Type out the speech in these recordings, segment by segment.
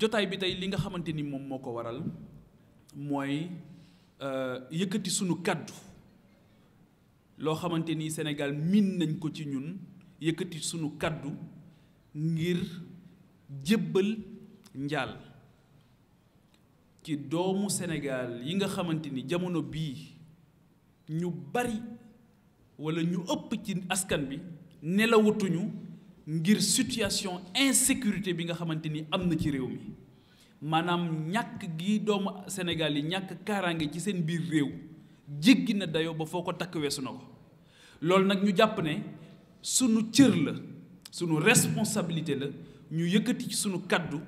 jotaay bi tey li nga xamante ni moom moo ko waral mooy euh, yëkkati sunu kàddu loo xamante ni senegal miin nañ ko ci ñun yëkkati sunu kàddu ngir jébbal njaal ci doomu senegal yi nga xamante ni jamono bii ñu bari walla ñu ëpp ci askan bi nelawutuñu ngir situation insécurité bi nga xamante ni am na ci réew mi maanaam ñàkk gi doomu Sénégal yi ñàkk kaaraange ci seen biir réew jéggi na dayo ba foo ko takk weesu na ko loolu nag ñu jàpp ne sunu cër la sunu responsabilité la ñu yëkkati ci sunu kàddu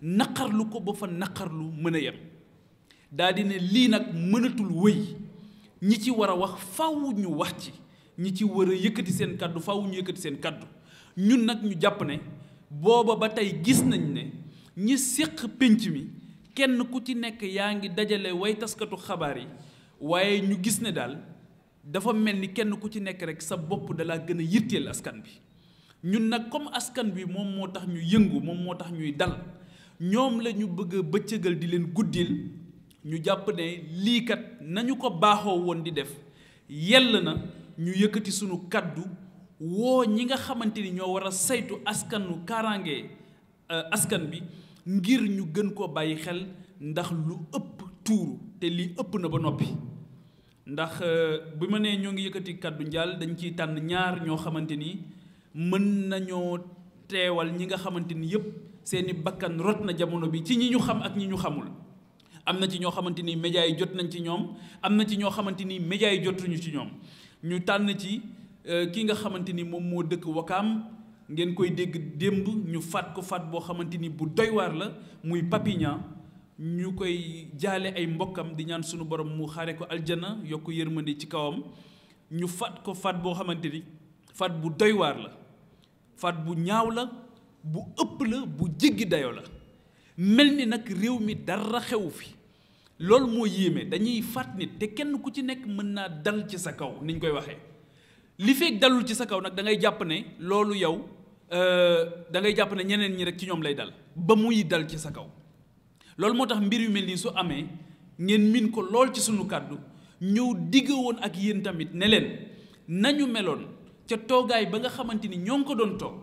naqarlu ko ba fa naqarlu mën a yem daa di ne lii nag mënatul wëy ñi ci war a wax faw ñu wax ci ñi ci war a yëkkati seen kàddu faw ñu yëkkati seen kàddu ñun nag ñu jàpp ne booba ba tey gis nañ ne ñi siq pénc mi kenn ku ci nekk yaa ngi dajale way taskatu xabaar yi waaye ñu gis ne daal dafa mel ni kenn ku ci nekk rekk sa bopp dalaa gën a yitteel askan bi ñun nag comme askan bi moom moo tax ñu yëngu moom moo tax ñuy dal ñoom lañu bëgg a bëccëgal di leen guddil ñu jàpp ne lii nañu ko baaxoo woon di def yell na ñu yëkkati sunu kàddu woo ñi nga xamante ni ñoo war a saytu askanu kaaraange euh, askan bi ngir ñu gën koo bàyyi xel ndax lu ëpp tuuru te lii ëpp na ba noppi ndax euh, bi ma nee ñoo ngi yëkkati kàddu njaal dañu ci tànn ñaar ñoo xamante ni mën nañoo teewal ñi nga xamante ni yëpp seeni bakkan rot na jamono bi ci ñi ñu xam ak ñi ñu xamul am na ci ñoo xamante ni médias yi jot nañ ci ñoom am na ci ñoo xamante ni médias yi jotuñu ci ñoom ñu tànn ci Euh, kii nga xamante ni moom moo dëkk wakkaam ngeen koy dégg démb ñu faat ko faat boo xamante ni bu doy la muy Papignan ñu koy jaale ay mbokkam di ñaan sunu borom mu xare ko aljana yokk yërmande ci kawam ñu faat ko faat boo xamante ni faat bu doy la faat bu ñaaw la bu ëpp la bu jéggi dayo la mel ni nag réew mi dara xewu fi loolu moo yéeme dañuy faat nit te kenn ku ci nekk mën naa dal ci sa kaw niñ koy waxee li feeg dalul ci sa kaw nag da ngay jàpp ne loolu yow euh, da ngay jàpp ne ñeneen ñi rek ci ñoom lay dal ba muy dal ci sa kaw loolu moo tax mbir yu mel nii su amee ngeen min ko lool ci sunu kàddu ñëw digga woon ak yéen tamit ne leen nañu meloon ca toogaay ba nga xamante ni ñoo ko doon toog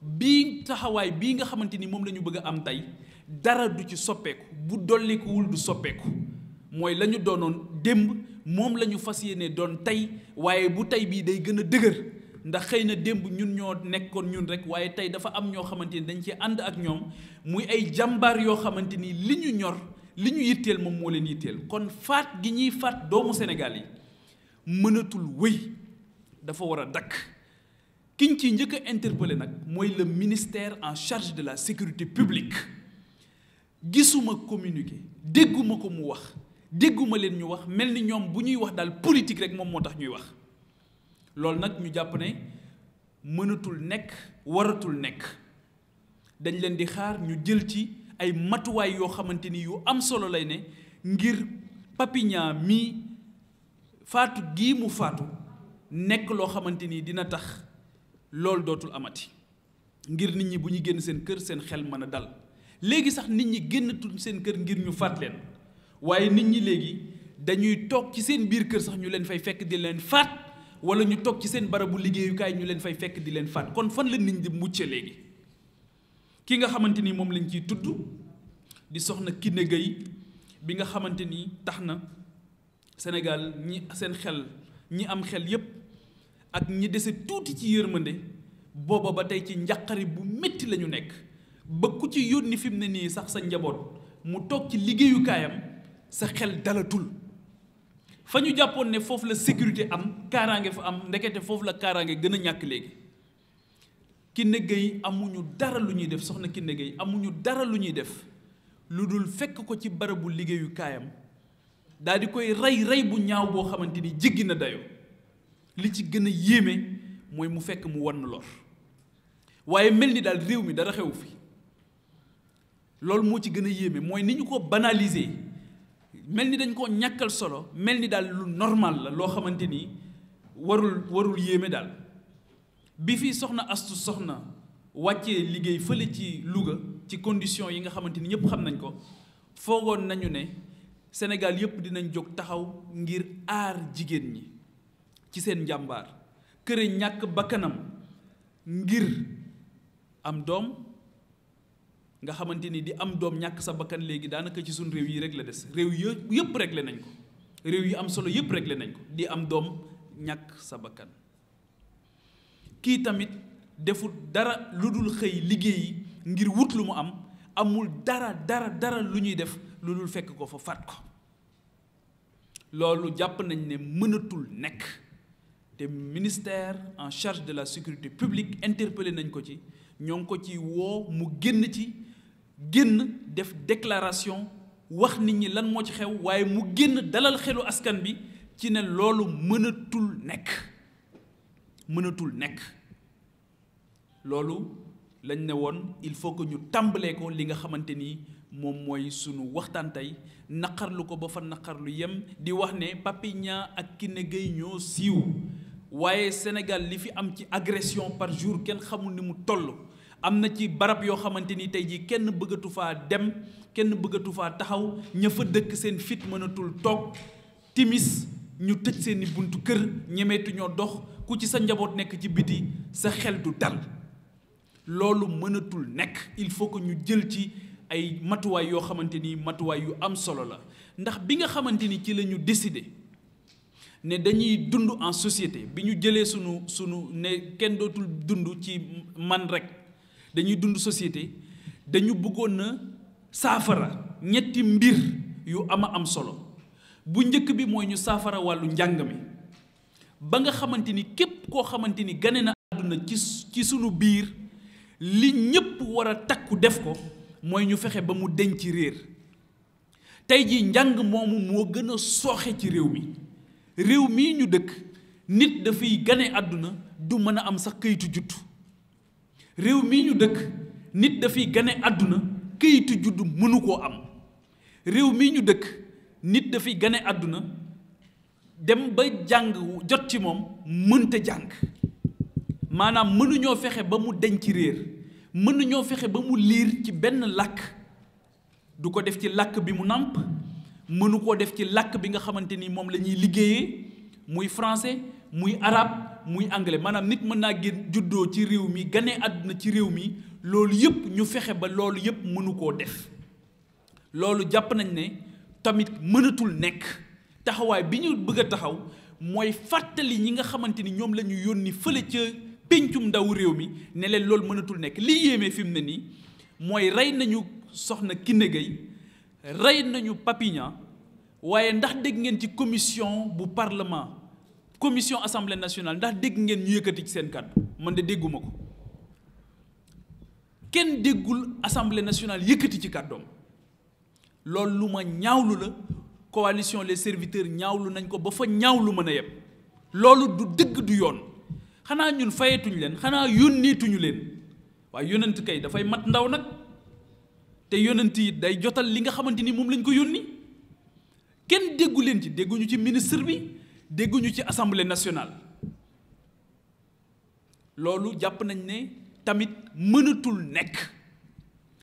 bii taxawaay bii nga xamante ni moom lañu bëgg a am tey dara du ci soppeeku bu dollikuwul du soppeeku mooy lañu ñu doonoon démb moom la ñu fas yéene doon tey waaye bu tey bii day gën a dëgër ndax xëy na démb ñun ñoo nekkoon ñun rek waaye tey dafa am ñoo xamante ni dañ ci ànd ak ñoom muy ay jàmbaar yoo xamante ni li ñu ñor li ñu yitteel moom moo leen yitteel kon faat gi ñuy faat doomu Sénégal yi mënatul wéy dafa war a dakk kiñ ci njëkk a interpellé nag mooy le ministère en charge de la sécurité publique gisuma communiqué dégguma ko mu wax dégguma leen ñu wax mel ni ñoom bu ñuy wax daal politique rek moom moo tax ñuy wax loolu nag ñu jàpp ne mënatul nekk waratul nekk dañ leen di xaar ñu jël ci ay matuwaay yoo xamante ni yu am solo lay ne ngir Papignan mii faatu gii mu faatu nekk loo xamante ni dina tax loolu dootul amati ngir nit ñi bu ñu génn seen kër seen xel mën a dal léegi sax nit ñi génnatuñ seen kër ngir ñu faat leen waaye nit ñi léegi dañuy toog ci seen biir kër sax ñu leen fay fekk di leen faat wala ñu toog ci seen barabu liggéeyukaay ñu leen fay fekk di leen faat kon fan la nit ñi di mucce léegi ki nga xamante ni moom lañ ciy tudd di soxna Kiné Gueye bi nga xamante ni tax na senegal ñi seen xel ñi am xel yépp ak ñi dese tuuti ci yërmande booba ba tey ci njaqari bu metti lañu nekk ba ku ci yónni fi mu ne nii sax sa njaboot mu toog ci liggéeyukaayam sa xel dalatul fa ñu jàppoon ne foofu la sécurité am kaaraange fa am ndekete foofu la kaaraange gën a ñàkk léegi Kiné Gueye amuñu dara lu ñuy def soxna Kiné Gueye amuñu dara lu ñuy def lu dul fekk ko ci barabu liggéeyu kaayam daal di koy rey rey bu ñaaw boo xamante ni jéggi na dayoo li ci gën a yéeme mooy mu fekk mu won lor waaye mel ni daal réew mi dara xewu fi loolu moo ci gën a yéeme mooy ni ñu ko banaliser. mel ni dañ koo ñàkkal solo mel ni daal lu normal la loo xamante ni warul warul yéeme daal bi fii soxna astu soxna wàccee liggéey fële ci Louga ci condition yi nga xamante ni ñëpp xam nañ ko foogoon nañu ne senegal yëpp dinañ jóg taxaw ngir aar jigéen ñi ci seen njàmbaar këre ñàkk bakkanam ngir am doom nga xamante ni di am doom ñàkk sa bakkan léegi daanaka ci suñ réew yi rek la des réew yëpp réglé nañ ko réew yi am solo yëpp réglé nañ ko di am doom ñàkk sa bakkan kii tamit deful dara lu dul xëy liggéeyi ngir wut lu mu am amul dara dara dara lu ñuy def lu dul fekk ko fa faat ko loolu jàpp nañ ne mënatul nekk te ministère en charge de la sécurité publique interpellé nañ ko ci ñoo ngi ko ci woo mu génn ci génn def déclaration wax nit ñi lan moo ci xew waaye mu génn dalal xelu askan bi ci ne loolu mënatul nekk mënatul nekk loolu lañ ne woon il faut que ñu tàmbalee ko li nga xamante ni moom mooy sunu waxtaan tey naqarlu ko ba fa naqarlu yem di wax ne Pape Niang ak Kiné Gueye ñoo siiw waaye Sénégal li fi am ci agression par jour kenn xamul ni mu toll am na ci barab yoo xamante ni tey jii kenn bëggatu faa dem kenn bëggatu faa taxaw ña fa dëkk seen fit mënatul toog timis ñu tëj seeni buntu kër ñemeetu ñoo dox ku ci sa njaboot nekk ci biti sa xel du dal loolu mënatul nekk il faut que ñu jël ci ay matuwaay yoo xamante ni matuwaay yu am solo la ndax bi nga xamante ni ci lañu ñu ne dañuy dund en société bi ñu jëlee sunu sunu ne kenn dootul dund ci man rek dañuy dund société dañu bëggoon na saafara ñetti mbir yu ama am solo bu njëkk bi mooy ñu saafara wàllu njàng mi ba nga xamante ni képp koo xamante ni gane na àdduna ci sunu biir li ñépp war a takku def ko mooy ñu fexe ba mu ci réer tey jii njàng moomu moo gën a sooxe ci réew mi réew mii ñu dëkk nit dafay gane àdduna du mën a am sax këyitu juddu réew mii ñu dëkk nit dafay gane àdduna këyitu judd mënu koo am réew mii ñu dëkk nit dafay gane àdduna dem ba jàng jot ci moom mënta jàng maanaam mënuñoo fexe ba mu deñ ci réer mënuñoo fexe ba mu liir ci benn làkk du ko def ci làkk bi mu nàmp mënu koo def ci làkk bi nga xamante ni moom la ñuy liggéeyee muy français muy arabe muy anglais maanaam nit mën naa génn juddoo ci réew mi ganee àdduna ci réew mi loolu yëpp ñu fexe ba loolu yëpp mënu koo def loolu jàpp nañ ne tamit mënatul nekk taxawaay bi ñu bëgg a taxaw mooy fàttali ñi nga xamante ni ñoom la ñu yónni fële ca péncum ndaw réew mi ne leen loolu mënatul nekk lii yéeme fi mu ne nii mooy rey nañu soxna Kiné Gaye rey nañu Papy waaye ndax dégg ngeen ci commission bu parlement commission assemblée nationale ndax dégg ngeen ñu yëkkati ci seen kàddu man de dégguma ko kenn déggul assemblée nationale yëkkati ci kàddoom loolu lu ma ñaawlu la coalition les serviteurs ñaawlu nañ ko ba fa ñaawlu mën a yem loolu du du yoon xanaa ñun fayetuñu leen xanaa yónneetuñu leen waaye yónnent kay dafay mat ndaw nag te yónnent yi day jotal li nga xamante ni moom lañ ko yónni kenn déggu leen ci dégguñu ci ministre bi. dégguñu ci assemblée nationale loolu jàpp nañ ne tamit mënatul nekk